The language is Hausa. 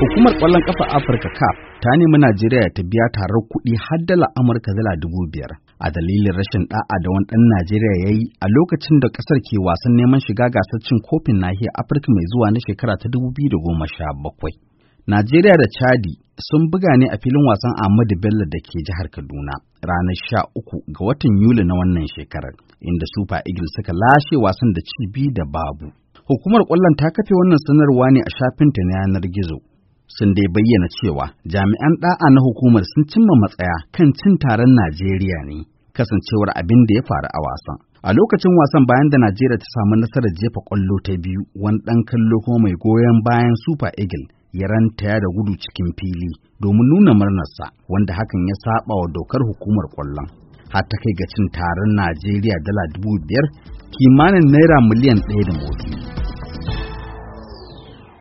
Hukumar ƙwallon ƙafa Afirka CAF ta nemi Najeriya ta biya tarar kuɗi har dala Amurka dala dubu biyar a dalilin rashin ɗa'a da wani ɗan Najeriya ya yi a lokacin da ƙasar ke wasan neman shiga gasar cin kofin nahiyar Afirka mai zuwa na shekara ta dubu biyu da goma sha bakwai. Najeriya da Chadi sun buga ne a filin wasan Ahmadu Bello da ke jihar Kaduna ranar sha uku ga watan Yuli na wannan shekarar, inda Super Eagles suka lashe wasan da cibi da babu. Hukumar ƙwallon ta kafe wannan sanarwa ne a shafinta na yanar gizo. sun dai bayyana cewa jami'an ɗa'a na hukumar sun cimma matsaya kan cin taron Najeriya ne kasancewar abin da ya faru a wasan. A lokacin wasan bayan da Najeriya ta samu nasarar jefa ƙwallo ta biyu wani ɗan kallo kuma mai goyon bayan Super Eagle ya ranta ya da gudu cikin fili domin nuna murnarsa wanda hakan ya saba wa dokar hukumar ƙwallon. Har ta kai ga cin taron Najeriya dala dubu biyar kimanin naira miliyan ɗaya da motsi.